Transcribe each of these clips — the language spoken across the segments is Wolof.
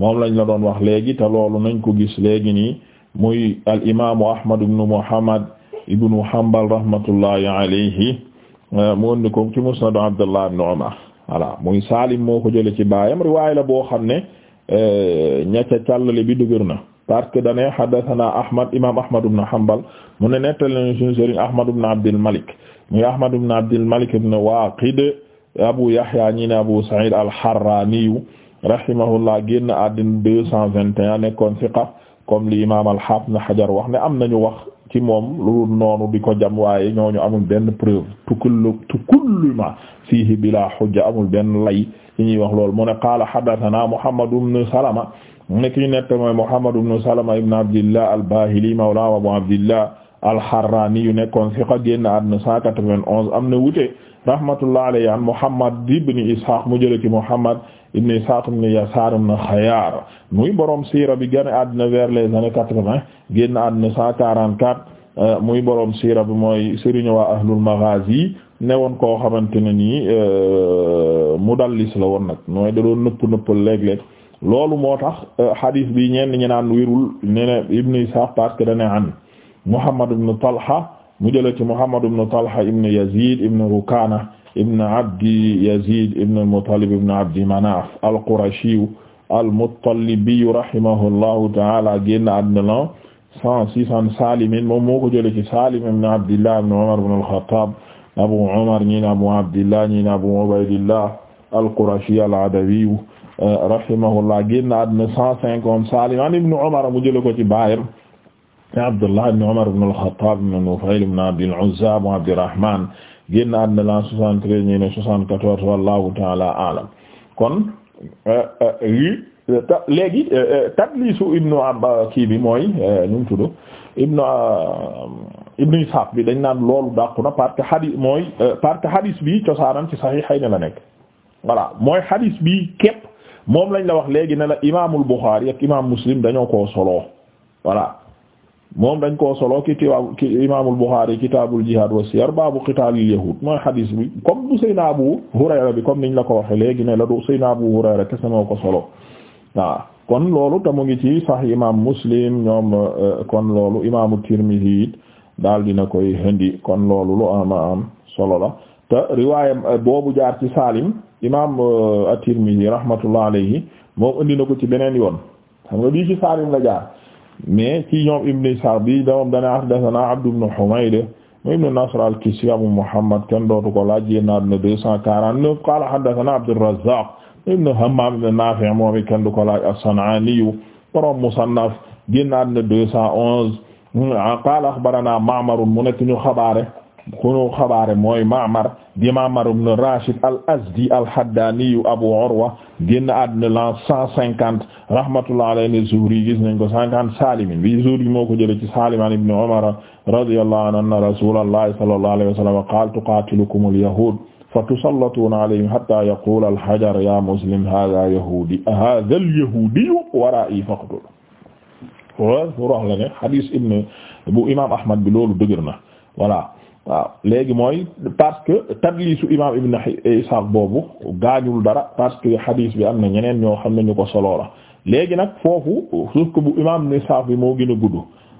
moom lañ la doon wax léegi te loolu nañ ko gis léegi nii muy al imaamu ahmad ibnu muhammad ibnu hanbal rahmatullahi alayhi euh, mu ko ci musnad abdullah ibnu umar voilà muy salim moo ko jële ci baayam riwaay la boo xam ne euh, ñacca càllale bi dëgër na parce que dane hadathana ahmad imam ahmad ibn hanbal mu ne nettali nañu suñu sëriñ ahmad ibn abdul malik muy ahmad ibn abdul malik waqid abu yahya ñi abu sa'id al harrani rahimahullah génn àddina deux cent vingt et nekkoon siqa comme li imaam al-Hafiz Hajar wax ne am na ñu wax ci moom lu noonu di ko jam waaye ñooñu amul benn preuve tukullu tukulluma fiihi bila hujja amul benn lay li ñuy wax loolu mu ne qaala haddathana Muhammad ibn Salama nekk ñu nett mooy Muhammad ibn Salama ibn Abdillah al-Bahili mawla Abu Abdillah al-Harrani yu nekkoon siqa génn àddina cent quatre-vingt-onze am na wute rahmatullah alayhi an Muhammad ibn Ishaq mu jële ci Muhammad ibn Isaaq ibn Yasaar ibn Xayaar muy borom siira bi génn àddina vers les années quatre-vingt génn àddina cent quarante-quatre euh, muy borom siira bi mooy sëriñu waa ahlul maghaazi ne woon koo xamante ne nii euh, mudallis la woon nag mooy da doon nëpp nëppal léeg loolu moo tax hadis euh, bi ñenn ñi naan wérul ne ne ibn Isaaq parce que dane an Muhammad ibn Talha mu jële ci Muhammad ibn Talha ibn Yazid ibn Rukana ibn abdi yazid ibn al-Muttalib ibn abdi manaf al-Qurashiyu al-Muttalibiyu rahimahullahu ta'ala génn àddina la cent six an Salim moom moo ko jëlee ci Salim ibn Abdillah ibn Umar ibn al-Khattab Abu Umar ñi na Abu Abdillah ñi na Abu Ubaydillah al-Qurashi al-Adawiyu rahimahullah génn àddina cent cinquante Salim an ibn Umar mu jëlee ko ci baayam Abdullah ibn Umar ibn al-Khattab ibn Nufayl ibn Abdil Uzza Abu Abdirrahman génn àddina la 73 ñi ne 74 wallahu taala alam kon euh, euh, léegi euh, tadlisu ibnu abba kii bi mooy nu mu tudd ibnu ibnu Ishaq bi dañ naan loolu dàqu na parce que hadis mooy parce que hadis bi cosaanam ci Sahihayni la nekk voilà mooy hadis bi képp moom lañ la wax léegi ne la imaamul Bukhari ak imaam Muslim dañoo koo soloo voilà moom dañ koo solo ki tiwaab ki imaamul Buxaari kitaabul jihaad wa siyar baabu qitaalil yahuud mooy xadiis bi comme du Seydina Abu Hurayra bi comme niñ la ko waxe léegi ne la du Seydina Abu Hurayra kese moo ko solo waaw kon loolu te ngi ci Sahih imaam Muslim ñoom euh, kon loolu imaamu Tirmidhi daal dina koy handi kon loolu solo la te euh, boobu jaar ci Salim imaam euh, at-Tirmidhi rahmatullah alayhi moom indi ko ci beneen yoon xam nga bii ci Salim la jaar mais ci ñoom Ibn Ishaq bi damoom dane ahdathana Abd ibn Humayd mu ibn Nasr al-Kisi Abu Muhammad kenn dootu ko laaj yéen naa ne deux cent quarante neuf qala haddathana Abd ar-Razzaq ibn Hammam ibn Nafi' moom it kenn du ko laaj as-San'ani borom Musannaf génn na deux cent onze qala akhbarana Ma'mar mu nekk ñu xabaare kunu xabaare mooy Ma'mar di Ma'mar ibn Rashid al-Azdi al-Haddani Abu Urwa génn àdduna l'an cent cinquante rahmatullah alayhi Zuhri gis nañ ko cinquante Salim bi Zuhri moo ko jëlee ci Salim an ibn Umar radiyallahu anhu anna rasulallahi sallallahu alayhi wa sallam qaala tuqaatilukum al-yahuud fatusallatuna alayhim hatta yaqula al-hajar ya muslim hadha yahudi hadha al-yahudi wara'i faqtul waaw wax la ne hadis ibn bu imam Ahmad bi loolu dëgër na voilà waaw léegi mooy parce que tadlisu imam ibn Ishaq boobu gaañul dara parce que hadith bi am na ñeneen ñoo xam ne ñu ko solo la léegi nag foofu suuf ko bu imam ibn Ishaq bi moo gën a gudd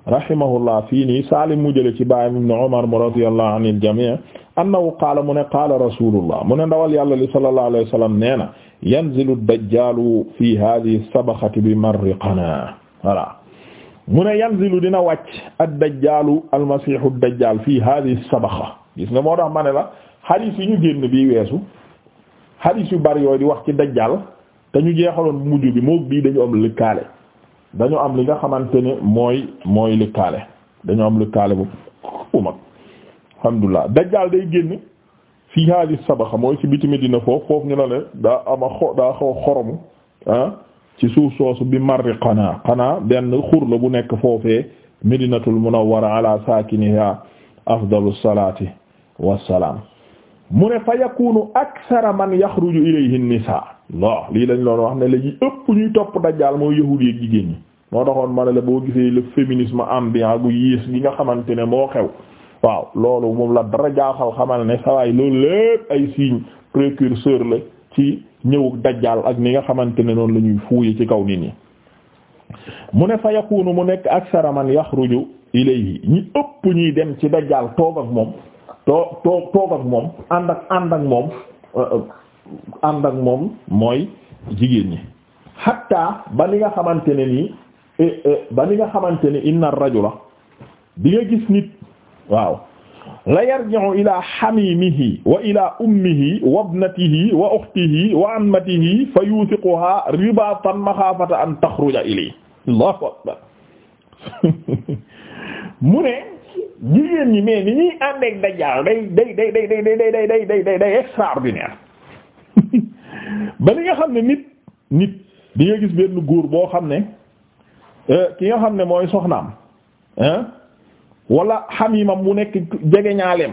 rahimahullah fii nii Salim mu jële ci baayam ibn Umar mu radiyallahu anil jami' annahu qaala mu ne qaala rasulullah mu ne ndawal yàlla li sallallahu alayhi wa sallam nee na yanzilu ad-dajjalu fi hadhihi as-sabakhati bi marri qana voilà mu ne yanzilu dina wàcc ad dajaalu al-masiihu fii haadihi sabaxa gis nga moo tax ma ne la xadiis yi ñu génn bii weesu xadiis yu bari yooyu di wax ci dajjaal te ñu jeexaloon mujj bi moom bii dañu am lëkkaale dañu am li nga xamante ne mooy mooy lëkkaale dañu am lëkkaale bu bu mag alhamdulilah day génn fii haadihi sabaxa mooy ci biti Medina foofu foofu ñu la ne daa ama xo daa xaw xoromu ah. ci suuf soosu bi marri qanaa qanaa benn xur la bu nekk foofee medinatul munawwara ala saakiniha afdalu salaati wassalaam mu ne fa yakunu akthara man yaxruju ilayhi nisaa Allah lii lañ loon wax ne léegi ëpp ñuy topp dajjaal mooy yahuud yi jigéen ñi moo taxoon ma ne la boo gisee le féminisme ambiant gu yiis gi nga xamante ne moo xew waaw loolu moom la dara jaaxal xamal ne sawaay loolu lépp ay signe précurseur la ci ñëwug dajjaal ak ni nga xamante ne noonu lañuy fuuye ci kaw nit ñi mu ne fa yakunu mu nekk aksara man yaxruju ilayhi ñi ëpp ñuy dem ci dajjaal toog ak moom too toog ak moom ànd ak euh, euh, ànd ak moom mooy jigéen ñi hatta ba ni nga xamante ne nii eh, eh, ba ni nga xamante ni inna rajula di nga gis nit waaw la yarji'u ila hamimihi wa ila ummihi wa ibnatihi wa ukhtihi wa ammatihi fa yuthiquha ribatan makhafata an takhruja ilayhi allahu akbar mu ne jigéen ñi mais ni ñuy ànd ak dajjaal day day day day day day day day day day day extraordinaire ba li nga xam ne nit nit di nga gis benn góor boo xam ne ki nga xam ne mooy soxnaam hein wala xamiimam mu nekk jege ñaaleem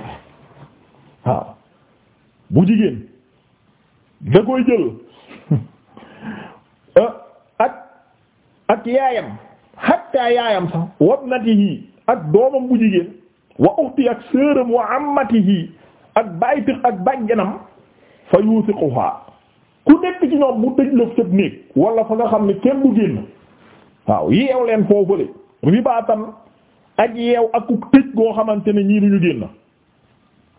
waaw bu jigéen da koy jël euh, ak ak yaayam hatta yaayam sax wabnatihi ak doomam bu jigéen wa uxti ak seeram wa ammatihi ak bayti ak bàjjanam fa yusiquha ku nekk ci ñoom bu tëj lëf sëb néeg wala fa nga xam ne kenn du génn waaw yeew leen foofule ribaatam ak yeew ak tëj goo xamante ne ñii duñu génn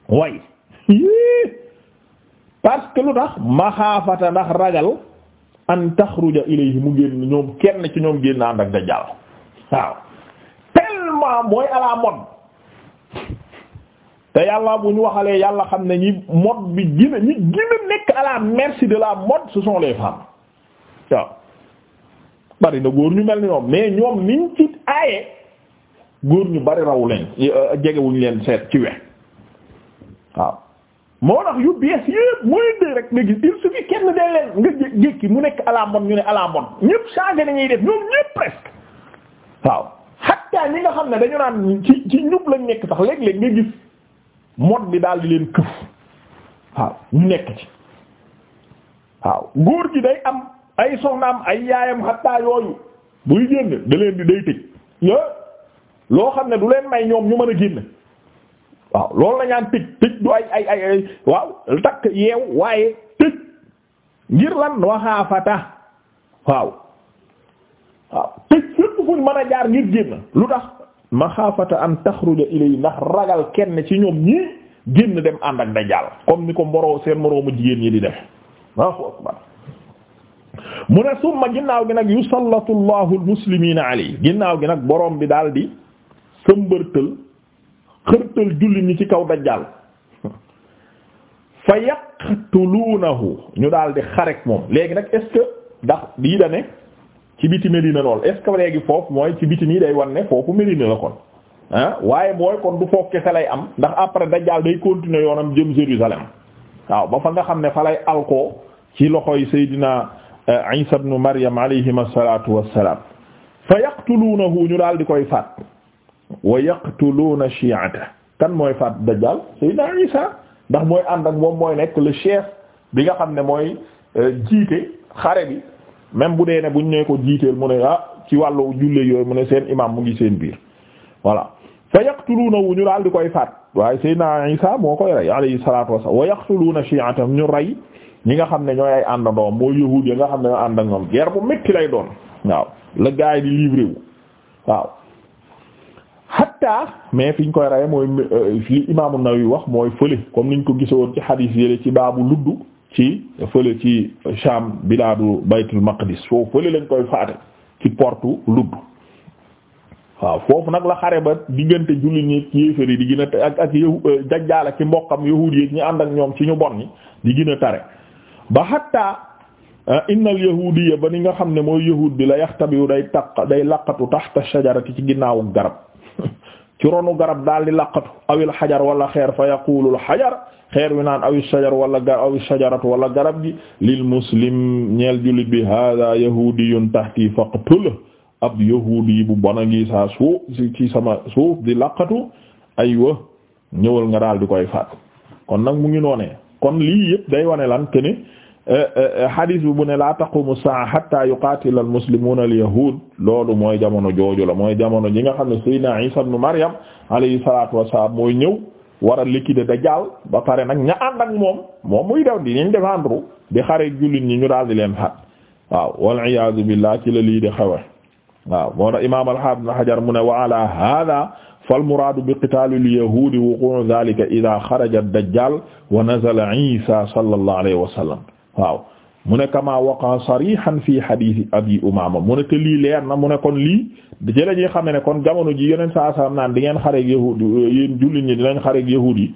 way parce que lu tax maxaafata ndax ragal an taxruja ilayhi mu génn ñoom kenn ci ñoom génn ànd ak dajjal waaw tellement mooy à la te yàlla bu ñu waxalee yàlla xam ne ñi mode bi gina ñi gina nekk à merci de la mode ce sont les femmes waaw bari na ñu mel ni ñoom mais ñoom niñ ci aaye góor ñu bari raw leen jegewuñ leen seet ci we waaw moo tax yu bees yépp mooy dee rek nga gis il suffit kenn dee leen nga jékki mu nekk à ñu ne à la mode ñépp changé nañuy def ñoom ñépp presque waaw hatta ñi nga xam ne dañu naan ci ci ñub lañ nekk sax léeg-léeg nga gis mode bi daal di leen këf waaw ñu nekk ci waaw góor gi day am ay soxnaam ay yaayam hatta yooyu buy génn da di day tëj loo xam ne du leen may ñoom ñu mën a génn waaw loolu la ñaan tëj tëj du ay ay ay waaw takk yeew waaye tëj ngir lan waxaafata waaw waaw tëj fépp fuñ mën a jaar ngir génn lu tax maxaafata an taxruja ilay ndax ragal kenn ci ñoom ñi génn dem ànd ak dajjaal comme ni ko mboroo seen moroomu jigéen ñi di def Allahu akbar mu ne summa ginnaaw gi nag yusallatu allahu almuslimiina alayhi ginnaaw gi nag boroom bi daal di sëmbërtël xërtël julli ñi ci kaw dajjaal fa yaqtuluunahu ñu daal di xarek moom léegi nag est-ce que ndax lii da ne ci biti Medina lool est-ce que léegi foofu mooy ci biti nii day wan ne foofu Medina la kon waaye mooy kon du foofu kese lay am ndax après dajjaal day continuer yoonam jëm Jérusalem waaw ba fa nga xam ne fa lay alkoo ci loxoy Seydina eh, Isa ibn Maryam alayhim asalatu wassalam fa yaqtuluunahu ñu daal di koy faat wa yaqtuluuna shi'ata kan mooy faat dajjal sayyidina Isa ndax mooy ànd ak moom mooy nekk le chef bi nga xam ne mooy euh, jiite xare bi même bu dee ne buñ ne ko jiiteel mu ne ah ci wàllu jullit yooyu mu ne seen imam mu ngi seen biir voilà fa yaqtuluuna wu ñu daal di koy faat waaye naa Isa moo koy rey alayhi salaatu wasalaam wa yaqtuluuna shi'ata ñu rey ñi nga xam ne ñooy ay àndandoom mooy yahuud yi nga xam ne ñoo ànd ak ñoom guerre bu métti lay doon waaw la hatta mais fi ñu koy raye mooy li euh, imaam An-Nawawi wax mooy fële comme niñ ko gisoon ci xadiis yële ci baabu luddu ci fële ci Sham bilaadu baytul maqdis foofu fële lañ koy faate ci portu luddu waaw foofu nag la xare ba diggante jullit ñi yéeféer yi di gën a ak ak yahu euh, dajjaal ak ci mbokkam yahuud yi ñu ànd ak ñoom ci ñu bon ñi di gin a tare ba hatta euh, innal yahudiya ba ni nga xam ne mooy yahuud bi la yaxtabiyu day taq day laqatu taxta shajarati ci ginnaawu garab ci ronu garab daal di laqatu awil xajar wala xeer fa yaqulul xajar xeer wi naan aw shajar wala awil shajaratu wala garab gi lil muslim ñeel jullit bi hada yahudiyun tahti faqtul ab yahudi bu bona ngi suuf ci sama suuf di laqatu aywa ñëwal nga daal di koy faat kon nag mu ngi noonee kon lii yëpp day wane lan ke hadis bi bu ne la taqumu saa hatta yuqatila almuslimuna alyahud loolu mooy jamono jooju la mooy jamono ji nga xam ne sayyidina Isa ibn Maryam alayhi salatu wassalam mooy ñëw war a liquider Dajjal ba pare nag ña ànd ak moom moom muy daw di ñu défendre di xare jullit ñi ñu daal di leen faat waaw wal iyaazu billah ci la lii di xewe waaw moo tax imam al-Hafiz Ibn Hajar mu ne wa ala hadha fal muraadu bi qitaali al-yahuudi wuquu zaalika idaa xaraja ad-Dajjaal wa nazala Isa sallallahu alayhi wa sallam waaw mu nekk ne kama waqa sarihan fi hadith abi umama mu ne te lii leer na mu ne kon lii ci la xam ne kon jamono ji yeneen saa salaam naan di ngeen xareeg yahud yéen jullit ñi dinañ xareeg yahud yi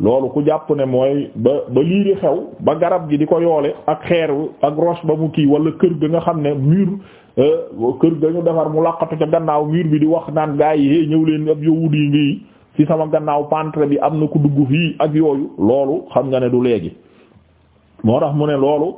loolu ku jàpp ne mooy ba ba lii di xew ba garab gi di ko yoole ak xeer ak roche ba mu kii wala kër ga nga xam ne mur euh, kër ga ñu defar mu laqatu ca gannaaw mur bi di wax naan gaa yi é ñëw leen ab yahud yi ngi ci sama gannaaw pantre bi am na ku dugg fii ak yooyu loolu xam nga ne du léegi moo tax mu ne loolu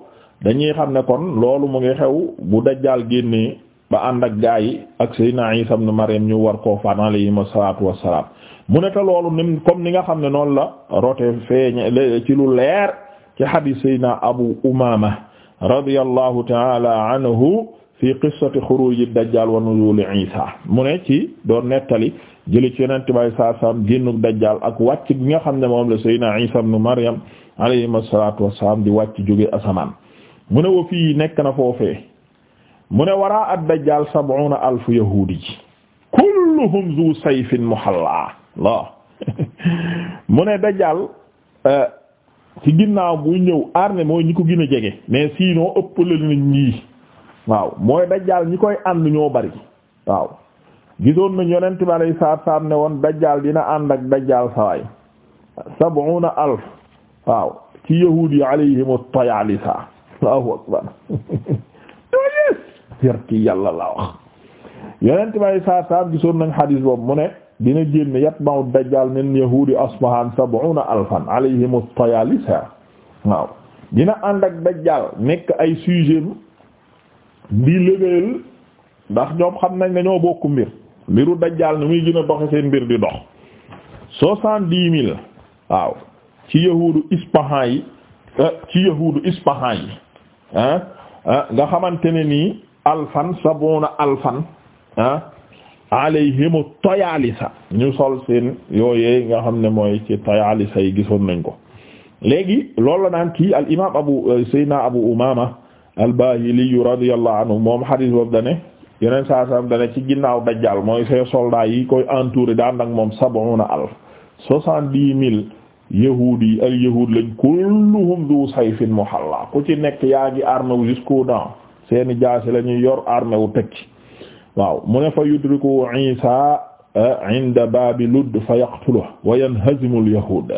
dañuy xam ne kon loolu mu ngi xew bu dajjaal génnee ba ànd ak gaa yi ak Seydina Isa ibn Maryam ñu war koo faat alayhim salaatu wassalaam mu ne te loolu nim comme ni nga xam ne noonu la rote feeñ ci lu leer ci hadith Seydina Abu Umaama radiyallahu ta'ala anhu fi qissati xuruji dajjaal wa nuzuli Isa mu ne ci doon nettali jële ci yeneen tibay saa saam génnu dajjaal ak wàcc bi nga xam ne moom la Seydina Isa ibn Maryam alayhi salaatu wassalaam di wàcc jóge asamaan mu ne wa fii nekk na foofee mu ne waraa ad dajjaal sab'una alf yahuudi ji kulluhum zu sayfin muhalla la mu ne dajjaal euh, ci ginnaaw buy ñëw armée mooy ñi ko gën a jege mais sinon ëpp la nañ ñii waaw mooy dajjaal ñi koy ànd ñoo bari waaw gisoon nañ yonent bi alayhi salaatu ne woon dajjaal dina ànd ak dajjaal sawaay sab'una alf waaw ci yahuud yi alayhimu tayaalisa wax yonent bi alayhi salaatu salaam gisoon nañ xadiis boobu mu ne dina génn yatba'u dajjaal min yahuudi asbahaan sab'una alfan alayhimu tayaalisa waaw dina ànd ak dajjaal nekk ay sujet bi liggéeyal ndax ñoom xam nañ ne ñoo bokku mbir mbiru dajjaal ni muy gën a doxe seen mbir di dox soixante-dix mille waaw ci yahuudu ispahan yi euh, ci yahuudu nga xamante ne nii alfan sabuna alfan ah alayhimu toyaalisa ñu sol seen yooyee nga xam ne mooy ci toyaalisa yi gisoon nañ ko léegi loolu la naan kii al imaam abu euh, sayyidina abu umama al bahili radiyallahu anhu moom hadis boobu dane yeneen saa salaam dana ci ginnaaw dajjal mooy ses soldats yi koy entouré daan ak moom sab'una alf soixante-dix mille yahuud yi al yahuud lañ kulluhum du sayfin muhalla ku ci nekk yaa ngi armé wu jusqu'aux dents seeni jaasi la ñuy yor armé wu tekki waaw mu ne fa yudriku Isa eh, inda baabi Ludd fa yaqtuluhu wa yanhazimu al yahuud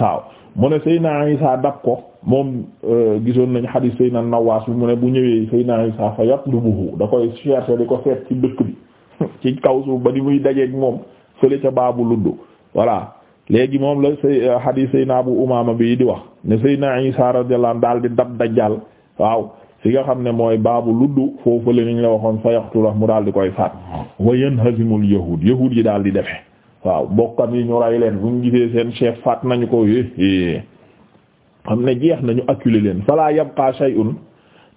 waaw mu ne Seydina Isa dab ko moom euh, gisoon nañ xadiis Seydina Nawaas bi mu ne bu ñëwee Seydina Isa fa yatlubuhu da koy chercher di ko seet ci dëkk bi ci kaw suuf ba di muy dajeeg moom fële ca baabu luddu voilà léegi moom la say euh, xadiis Seydina Abu Umaama bi di wax ne Seydina Isa radiyallahu anhu daal di dab dajjal waaw fi nga xam ne mooy baabu ludd foofu la ñu la waxoon fa yaqtula mu daal di koy faat wa yanhazimul yahud yahud yi daal di defee waaw mbokkam yi ñu ray leen bu ñu gisee seen chef faat nañu ko eh, eh. xam ne jeex nañu acculer leen fala yabqa shay'un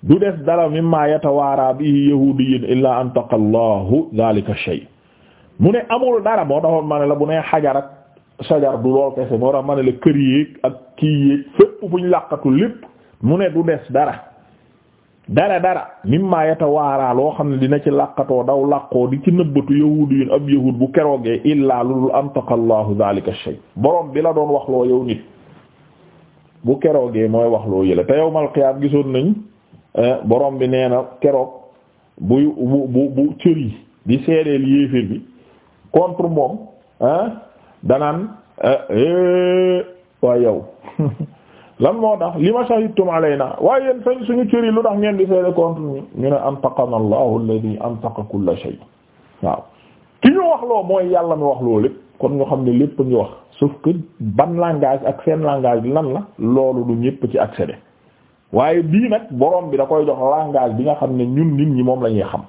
du des dara mimma yatawaara bihi yahudiyyin illa an taqallahu dhalika shay mu ne amul dara moo taxoon ma ne la bu nee xajar ak sajar du lool kese moo tax ma ne la kër yéeg ak kii yéeg fépp fuñ làqatu lépp mu ne du des dara dara dara mimma yatawaara loo xam ne dina ci laqatoo daw làqoo di ci nëbbatu yahudiyyin ab yahud bu keroogee illaa lulul an taqallahu dhalika shay borom bi la doon wax loo bu keroogee mooy wax loo yële te yawmal qiyaam gisoon nañ eh, borom bi nee na keroog buy bu bu bu cër di seedeel yéeféer bi contre moom eh, danaan eh, waaye yow lan moo tax li ma shahidtum alayna waaye yéen fañ suñu cër yi lu tax ngeen di seede contre ñu ñu ne antaqana allahu alladhi antaqa kulla shay waaw ki ñu wax loo mooy yàlla mi wax loo lépp kon ñu xam ne lépp ñu wax sauf ban langage ak seen langage lan la loolu du ñëpp ci accéder waaye bii nag borom bi da koy jox langage bi nga xam ne ñun nit ñi moom lañuy xam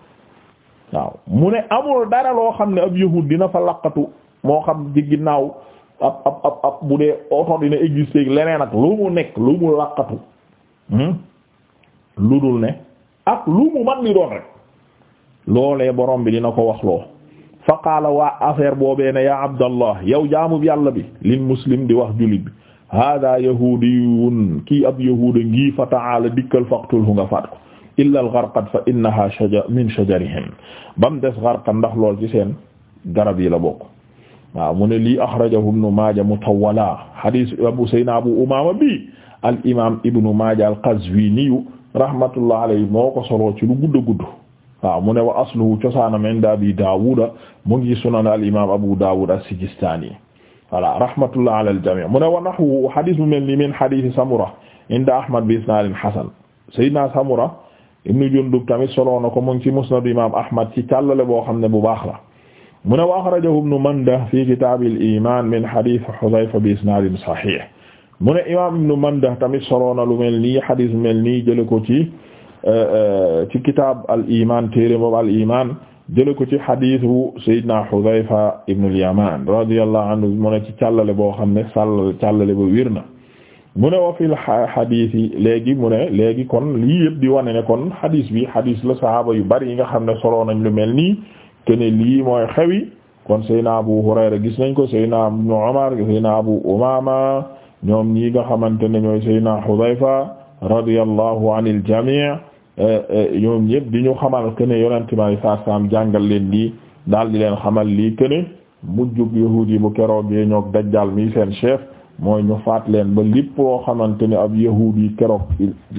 waaw mu ne amul dara loo xam ne ab yahud dina fa laqatu moo xam ci ginnaaw ab ab ab ab bu dee oto dina exister leneen ak lu mu nekk lu mu laqatu hmm? lu dul ne ak lu mu man di doon rek loolee borom bi dina ko wax loo fa qaala waa affaire boobee ne yaa abdallah yow jaamub yàlla bi lil muslim di wax jullit bi hada yahudiyun kii ab yahuda ngii fa ta'ala dikkal faqtulhu nga faat ko illa al gharqad fa innaha shajar min shajarihim bam des gharqad ndax lool ci seen garab yi la bokk waaw mu ne lii akhrajahu ibnu maaja mutawwala hadis abu sayna abu umaama bi al imam ibnu maaja al qazwini rahmatullah alayhi moo ko solo ci lu gudd a gudd waaw mu ne wa asluhu cosaanam inda abi daawuda mu ngi sunan al imam abu daawud as-sijistaani voilà rahmatullah ala al-jamii mu ne wa nahwu hadis bu mel ni min hadisi samura inda ahmad bi isnaadin hasan sayyidina samura ibnu jundub tamit soloo na ko mu ngi ci musnad imam ahmad ci càllale boo xam ne bu baax la mu ne wa axrajahu ibnu manda fi kitaab al-iimaan min hadisi hudayfa bi isnaadin sahiih mu ne imam ibnu manda tamit soloo na lu mel nii hadis mel nii jële ko ci Euh, euh, ci kitaab al iman téere boobu al iman jële ko ci xadiisu Seydina Xudayfa ibn al-Yaman radiyallahu anhu ne ci càllale boo xam ne sàll càllale ba wér na mu ne léegi mu ne léegi kon lii di wane ne kon bi xadiis yu bari yi nga xam ne nañ lu mel nii te ne lii mooy xewi kon Seydina Abu Hurayra gis nañ ko Seydina Ibnu Umar Seydina Abu Umaama ñoom ñii nga xamante ne ñooy Seydina Xudayfa radiyallahu anil jamii Euh, euh, ñoom ñëpp di ñu xamal que ne yonente bi saa saam jàngal leen lii daal di leen xamal lii que ne mujjug yahuud yi bu keroog yee ñoog dajjal mi seen chef mooy ñu faat leen ba lépp loo xamante ne ab yahuud yi keroog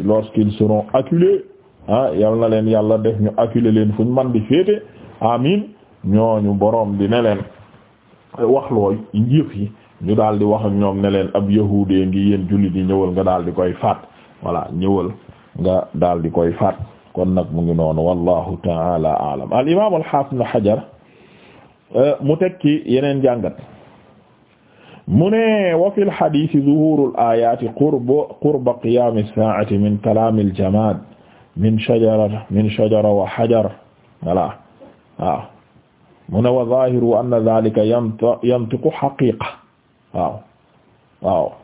lorsqu'ils seront acculés ah yal na leen yàlla def ñu acculer leen fu ñu man di féete amin ñooñu boroom di ne leen wax loo njëf yi ñu daal di wax ak ñoom ne leen ab yahuudee ngi yéen jullit yi ñëwal nga daal di koy faat voilà ñëwal nga daal di koy faat kon nag mu ngi noonu wallahu taala alam al imam al hafiz ibn hajar euh, mu tekki yeneen jàngat mu ne wa fil hadith zuhurul ayati qurba qurba qiyam as-sa'ati min kalam al-jamad min shajara min shajara wa hajar wala waaw mu ne wa zahiru anna dhalika yantiqu haqiqa waaw waaw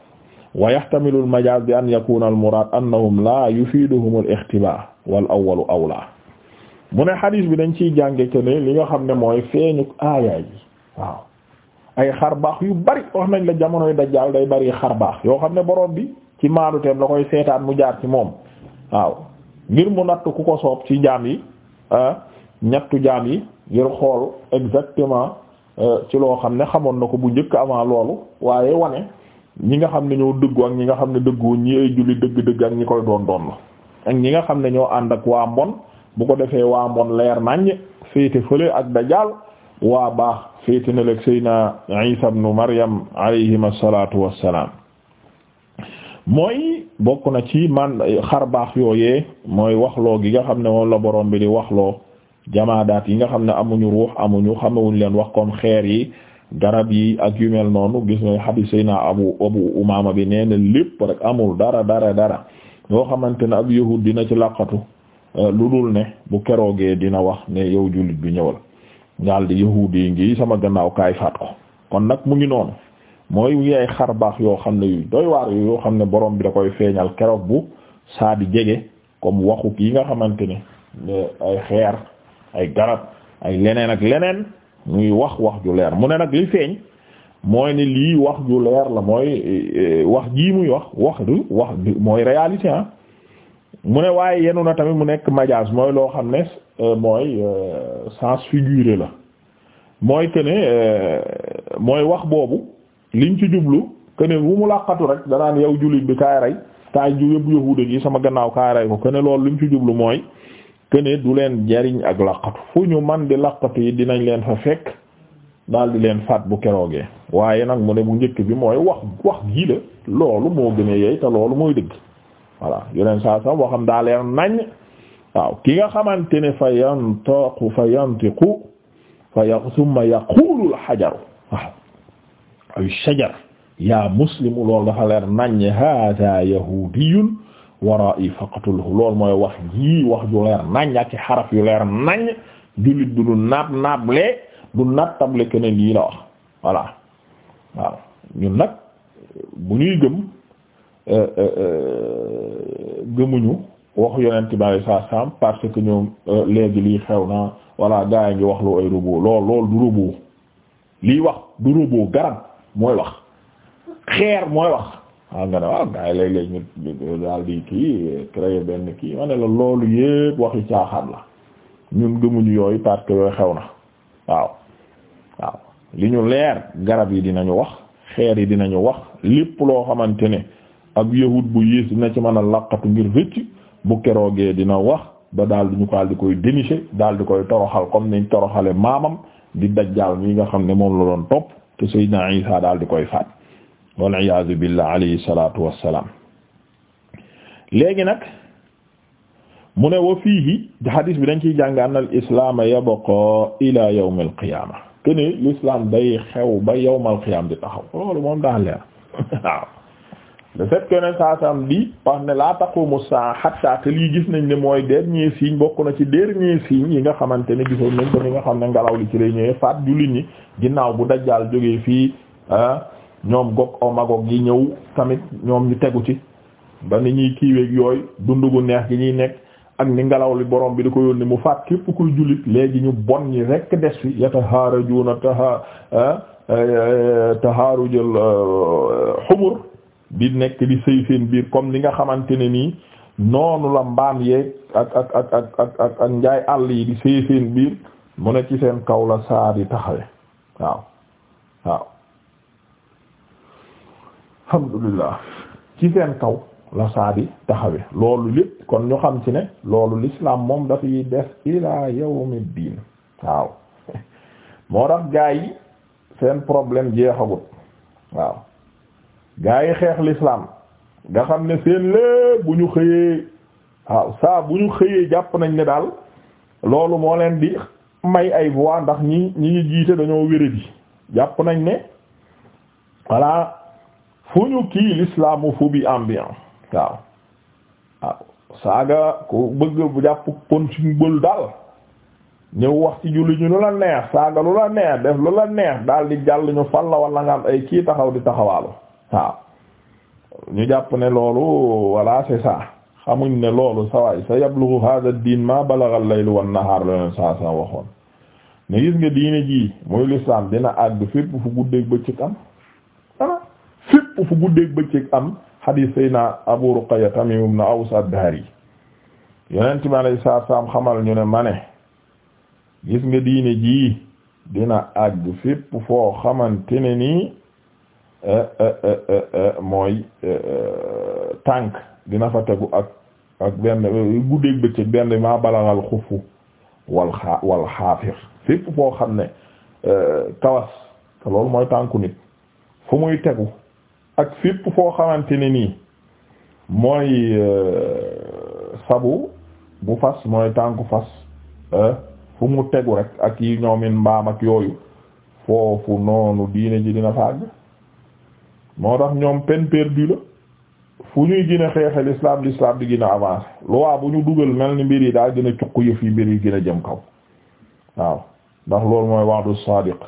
wa yahtamilu al-majaaz bi an yakuna al-muraad annahum laa yufiiduhum al-ixtibaar wal awwalu awlaa mu ne xadiis bi dañ ciy jànge ke li nga xam ne mooy feeñu aaya yi waaw ay xar baax yu bari wax nañ la jamonoy dajjaal day bari xar baax yoo xam ne boroom bi ci maanuteem la koy seetaan mu jaar ci moom waaw ngir mu natt ku ko soob ci jaam yi ah, ñettu jaam yi ngir xool exactement eh, ci loo xam ne xamoon na ko bu njëkk avant loolu waaye wane ñi nga xam ne ñoo dëggu ak ñi nga xam ne dëggu ñi ay julli dëgg-dëgg ak ñi koy doon doon la ak ñi nga xam ne ñoo ànd ak waa mbon bu ko defee waa mbon leer naññ féete fële ak dajaal waa baax féete na leeg sayna Isa ibn Maryam alayhim asalatu wassalaam mooy bokk na ci man xar baax yooyee mooy waxloo gi nga xam ne moom la borom bi di waxloo jamaadaat yi nga xam ne amuñu ruux amuñu xamewuñ leen wax comme xeer yi garab yi ak yu mel noonu gis nga hadith naa abu abu umama bi nee na lépp rek amul dara dara dara yoo xamante ne ab yahud dina ci laqatu euh, lu dul ne bu keroogee dina wax ne yow jullit bi ñëwal daal di yahud yi ngi sama gannaaw kaay faat ko kon nag mu ngi noonu mooy wi ay xar baax yoo xam ne yu doy waar yoo xam ne borom bi da koy feeñal keroog bu saa di jege comme waxu yi nga xamante ne euh, ay xeer ay garab ay leneen ak leneen. muy wax wax ju leer mu ne nag li feeñ mooy ne lii wax ju leer la mooy e, e, wax jii muy wax wax du wax mooy réalité ah. mu ne waaye yenu na tamit mu nekk majaas mooy loo xam ne e, mooy sens figuré la mooy que ne mooy wax boobu liñ ci jublu que bu mu làqatu rek danaan yow jullit bi kaay rey kaay ju yëpp yahuuda gi sama gannaaw kaay rey ko que ne loolu liñ ci jublu mooy ne du leen jariñ ak laqatu fu ñu man di laqatu yi dinañ leen fa fekk daal di leen faat bu keroogee waaye nag mu ne bu njëkk bi mooy wax wax gii la loolu moo gën a yeey te loolu mooy dëgg voilà yeneen saa sam waxam daa leer nañ waaw ki nga xamante ne fa yantaqu fa yantiqu fa ya summa yaqulu al hajar waaw ay shajar yaa muslimu loolu dafa leer nañ hada yahudiyun waraa'i faqtulhu loolu mooy wax ji wax ju leer nañ ak ci xaraf yu leer nañ jullit bi du naab naable du naab table que ne la wax voilà waaw ñun nag bu ñuy gëm euh, euh, euh, gëmuñu wax yonent bi saa saam parce que ñoom léegi lii xew na voilà gaa yi ngi wax lu ay robot lool lool du robot lii wax du robot garab mooy wax xeer mooy wax. ah nga léeg-léeg daal di kii créer benn kii la loolu yépp waxi caaxaan la ñun gëmuñu yooyu parce yooyu xew na waaw waaw li ñu leer garab yi dinañu wax xeer yi dina ñu wax lépp loo xamante ne ak yahut bu yées dina ci mën a laqatu ngir rëcc bu keroogee dina wax ba daal di ñu daal di koy dénicher daal di koy toroxal comme niñ toroxale maamam di dajjaal mi nga xam ne moom la doon topp te Seydina Isa daal di koy faat wal iyaazu billah alayhi salaatu wassalaam léegi nag mu ne wa fiihi hadis bi dañ ciy jàng an al islaam yabqa ila yawm al qiyaama kene l'islam day xew ba yawm al qiyaama di taxaw loolu moom daa leer waaw le fait que ne saasam bi wax ne la taqumu saa hatta te lii gis nañ ne mooy dernier signe bokk na ci dernier signe yi nga xamante ne gisoon nañ ko ni nga xam ne ngelaw li ci lay ñëwee faat jullit ñi ginnaaw bu dajjaal jógee fii ah ñoom gog o yi ñëw tamit ñoom ñu tegu ci ba ni ñuy kiiweeg yooyu dund gu neex gi ñuy nekk ak ni ngelaw li borom bi di ko yónni mu faat képp kuy jullit léegi ñu bon ñi rekk des fi yatahaarajuuna taha tahaarujul xumur di nekk di sëy seen biir comme li nga xamante ne nii noonu la mbaam yeeg ak ak ak ak njaay àll yi di sëy seen biir mu ne ci seen kaw la saa di taxawe waaw waaw la ci seen kaw la saabi taxawe loolu lépp kon ñu xam ci ne loolu lislaam moom dafay def ila yawmiddin waaw moo tax gaa yi seen problème jeexagut waaw gaa yi xeex lislaam nga xam ne seen lépp bu ñu xëyee waaw saa bu ñu xëyee jàpp nañ ne daal loolu moo leen di may ay voix ndax ñi ñi ñu jiite dañoo wéradi jàpp nañ ne voilà fu ñu kii l'islamophobie ambiant waaw waaw saaga ku bëgg bu jàpp pon ci mbël daal ñëw wax julli ñu la neex saaga lu la neex def lu la neex daal di jàll ñu fan la wala nga ay kii taxaw di taxawaalu waaw ñu jàpp ne loolu voilà c'est ça xamuñ ne loolu sa waay sa yablughu hadha ad-din ma balagha al-laylu wan-nahar la saa saa waxoon ne gis nga diine ji muy l'islam dina àgg fépp fu guddeeg bëccëg am fépp fu guddeeg bëccëg am hadis sayna Abu Ruqayya Tamim ibn Aws ad-Dari yonent ñu ne ma ne gis nga diine jii dina àgg fépp foo xamante ne nii eh, eh, eh, mooy tànk dina fa tegu ak ak benn guddeeg bëccëg benn maa balagal xufu wal xaafir fépp foo xam ne kawas te loolu mooy tànku nit fu muy tegu ak fépp foo xamante ne nii mooy euh, sabu bu fas mooy tànku fas euh, fu mu tegu rek ak yi ñoomin mbaam ak yooyu foofu noonu diine ji dina fa moo tax ñoom peine perdue la fu ñuy gën a xeexe l'islam di gën a avancé loi bu ñu dugal mel ni mbir yi daa gën a cuq yëf yi mbir yi gën a jëm kaw waaw ndax loolu mooy wa'du sadiq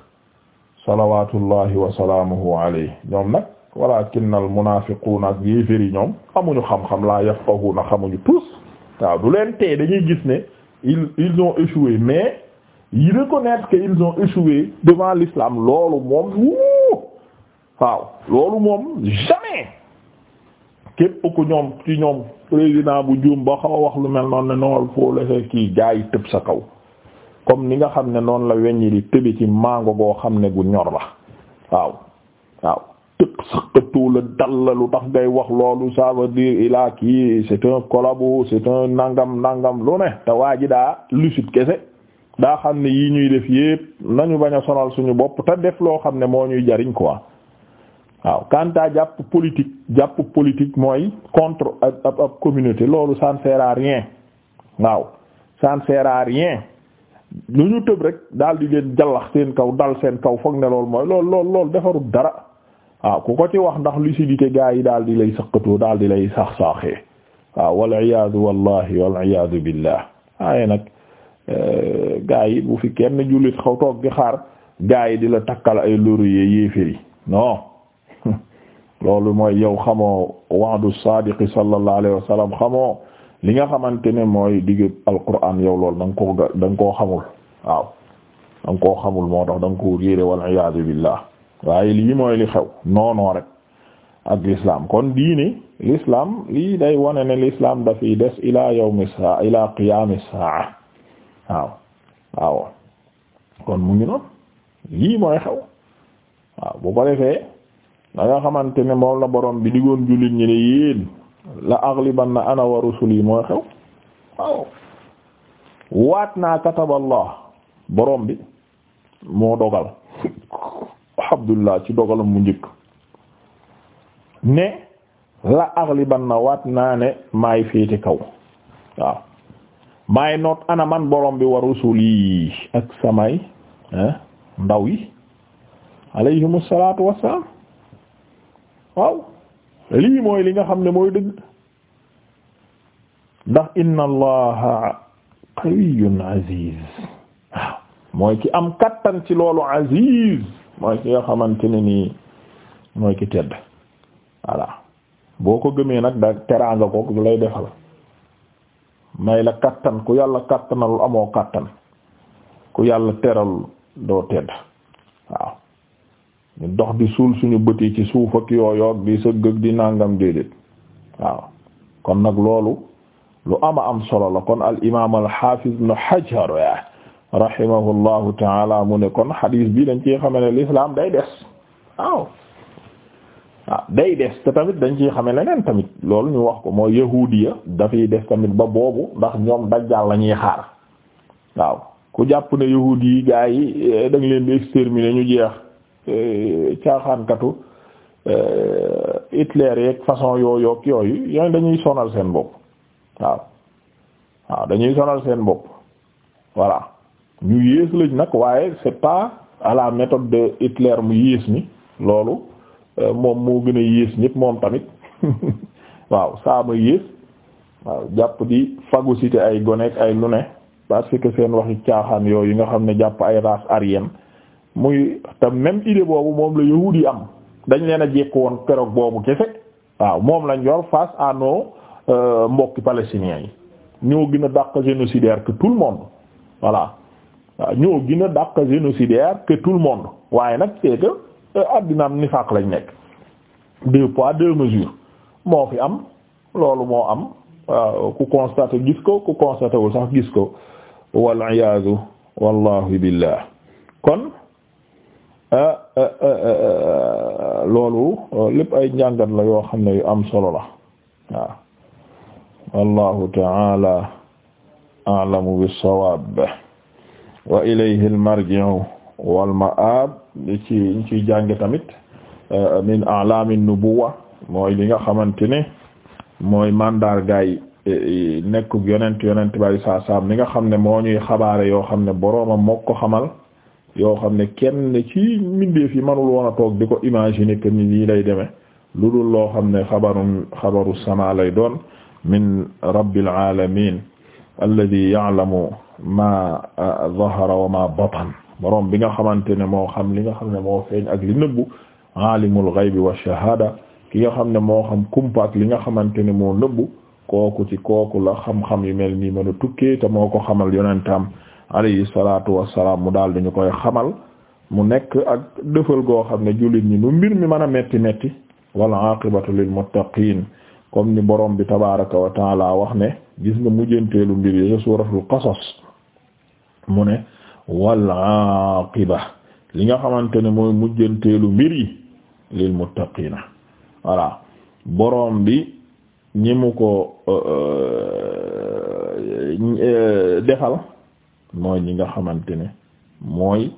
salawatullahi wa salaamuhu alayhi ñoom nag walakin al munafiquna ak yéefér yi ñoom amuñu xam-xam laa yafqahuna xamuñu tous waaw du leen tee dañuy gis ne ils ils ont échoué mais ils reconnaissent que ils ont échoué devant l'islam loolu moom wuu waaw loolu moom jamais képp ku ñoom ci ñoom président bu juum ba xaw a wax lu mel noonu ne noonu foo laisser kii gaa yi tëb sa kaw comme ni nga xam ne noonu la weññi di tëbi ci mango goo xam ne gu ñor la waaw waaw tëq sëqatoo la dal la lu tax ngay wax loolu sa veut dire kii c'est un collabo c'est un nangam nangam lu ne te waa ji daa lucide kese daa xam ne yi ñuy def yépp nañu bañ a sonal suñu bopp te def loo xam ne moo ñuy jariñ ko waaw kanta jàpp politique jàpp politique mooy contre ab ab communauté loolu ça ne sert rien waaw ça rien lu ñu tëb rek daal di leen jallax seen kaw dal seen kaw foog ne loolu mooy lool lool lool defarul dara waaw ah ku ko ci wax ndax si lucidité gaa yi daal di lay saqatoo daal di lay sax saaxee waaw ah wal iyaadu wallahi wal iyaadu billah waaye nag eh, gaa yi bu fi kenn julit xaw toog di xaar gaa yi di la takkal ay loru yee yéeféri non loolu mooy yow xamoo wa'du saadiqi sallallahu alayhi wa sallam xamoo li nga xamante ne mooy digg alquran yow loolu da nga da koo xamul waaw da nga koo xamul moo tax da nga koo réere wal iyaadu billah waaye lii mooy li xew noonoo rek ak l'islam kon diine l'islam lii day wane ne l'islam dafiy des ila yawmi saa ila qiyami saa waaw waaw kon mu ngi noonu lii mooy xew waaw bu ko defee da xamante ne moom la borom bi digoon jullit ñi ne yéen la aghlibanna ana wa rusuli mooy xew waaw waat naa kataballah borom bi moo dogal Abdullah ci dogalam mu njëkk ne la aghlibanna waat naa ne maay féete kaw waaw maay noot ana man borom bi wa rusuli ak samay ndaw yi alayhimu salaatu wassalaam waaw lii mooy li nga xam ne mooy dëgg ndax inna allaha qawiyyun aziz waaw mooy ki am kattan ci loolu aziz mooy ki nga xamante ne nii mooy ki tedd voilà boo ko gëmee nag da teraanga ko lu lay defal may la kattan ku yàlla kattanal amoo kàttan ku yàlla teral doo tedd waaw ñu dox bi suul suñu bët yi ci suuf ak yooyoog di sëggëg di nàngam déedéet waaw kon nag loolu lu ama am solo la kon al imaam al xaafiz ibn rahimahullahu taala mu ne kon xadiis bi dañ ciy xame ne l'islam day des waaw waaw ah, day des te tamit dañ ci xame leneen tamit loolu ñu wax ko mooy yahudiya dafay des tamit ba boobu ndax ñoom dajjaal la ñuy xaar waaw ku jàpp ne yahudi yi gaa yi eh, dañ leen di exterminer ñu jeex eh, caaxaankatu eh, Hitler yeeg façon yooyook yooyu yooyu dañuy sonal seen bopp waaw waaw dañuy sonal seen bopp voilà ñu yées lañ nag waaye c'est pas à la méthode de Hitler mu yées mi loolu euh, moom moo gën a yées ñëpp moom tamit waaw saa ma yées waaw jàpp di phagocyté ay gonek ay lu ne parce que seen waxi caaxaan yooyu nga xam ne jàpp ay race arien muy te même idée boobu moom la yahuud yi am dañ leen a jekk woon keroog boobu kese waaw moom lañ yor face à nos euh, mbokki palestiniens yi ñoo gën a dàq génocidaire que tout le monde voilà waaw ñoo gën a dàq génocidaire que tout le monde waaye nag c'est que addinaam euh, lañ nekk deux poids deux mesures moo fi am loolu moo am ku constaté gis ko ku constaté wul sax gis ko wal iyaadu wallahi billah kon euh, euh, loolu lépp ay njàngat la yoo xam ne yu am solo la waaw wallahu ta'ala a'lamu bis-sawab wa ilayhi al-marji'u wal ma'ab ci ñu ciy jànge tamit euh, min a'lam an-nubuwwa mooy li nga xamante ne mooy mandargaay e, e, nekkub yonent yonent bari saa saam li nga xam ne moo ñuy xabaare yoo xam ne boroomam moo ko xamal yoo xam ne kenn ci mbindeef yi manul woon toog di ko imaginer que ni lii lay demee lu dul loo xam ne xabarum xabaru sama lay doon min rabbil alamin alladi ya'lamu ma zahara wa ma batan borom bi nga xamante ne moo xam li nga xam ne moo feeñ ak li nëbbu alimul ghaybi wa shahada ki nga xam ne moo xam kumpa ak li nga xamante ne moo nëbbu kooku ci kooku la xam-xam yu mel nii mën a tukkee te moo ko xamal yonentam alayhi salaatu wassalaam mu daal dañu koy xamal mu nekk ak dëfal goo xam ne jullit ñi nu mbir mi mën a metti metti wal aqibatu lil muttaqin comme ni boroom bi tabaraka wa wax ne gis nga mujjanteelu mbir yi suuratul qasas mu ne wal aqiba li nga xamante ne mooy mujjanteelu mbir yi lil na voilà boroom bi ñi mu ko euh, euh, defal mooy ñi nga xamante ne mooy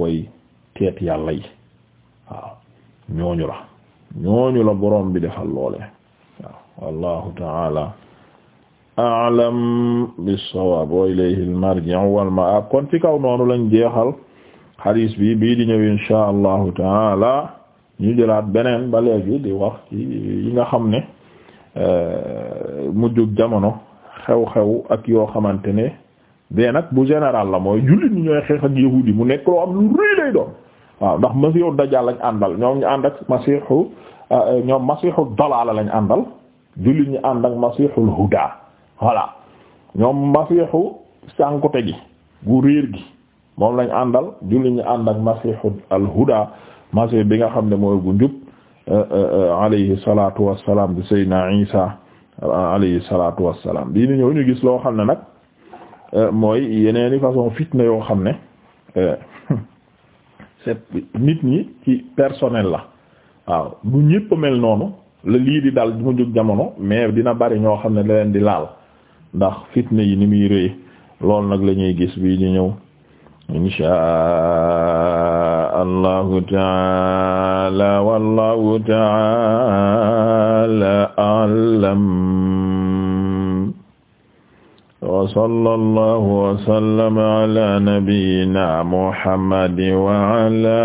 way teet yàlla yi waaw ñooñu la ñooñu la borom bi defal loole waaw wallahu taala a'lam bis-sawaab wa ilayhi al-marji'u wal ma'aab kon ci kaw noonu lañ jeexal xadiis bi bii di ñëw insha allahu taala ñu jëlaat beneen ba leegi di wax ci yi nga xam ne euh, mujjug jamono xew-xew ak yoo xamante ne bee nag bu général la mooy jullit ñi ñooy xeex ak yahuudi mu nekk loo am lu rëy lay doon waaw ndax masiixu dajjaal lañ àndal ñoom ñu ànd ak masiixu euh, ñoom masiixu dalaala lañu àndal jullit ñi ànd ak masihul huda voilà ñoom masihu sànkute gi gu réer gi moom lañ àndal jullit ñi ànd ak masihu al huda masih bi nga xam ne mooy gu njub euh, euh, euh, alayhi salatu wassalam bi sayyidina isa alayhi salatu wassalam bii ni ñëw ñu gis loo xam ne nag mooy yeneeni façon fitna yoo xam ne c'est nit ñi ci personnel la waaw bu ñépp mel noonu lii di dal mu jóg jamono mais dina bari ñoo xam ne da leen di laal ndax fitna yi ni muy rëy loolu nag la ñuy gis bii di ñëw inshaa allahu taala wallahu taala alam wa sallallahu wa sallama ala nabiyyina muhammadin wa ala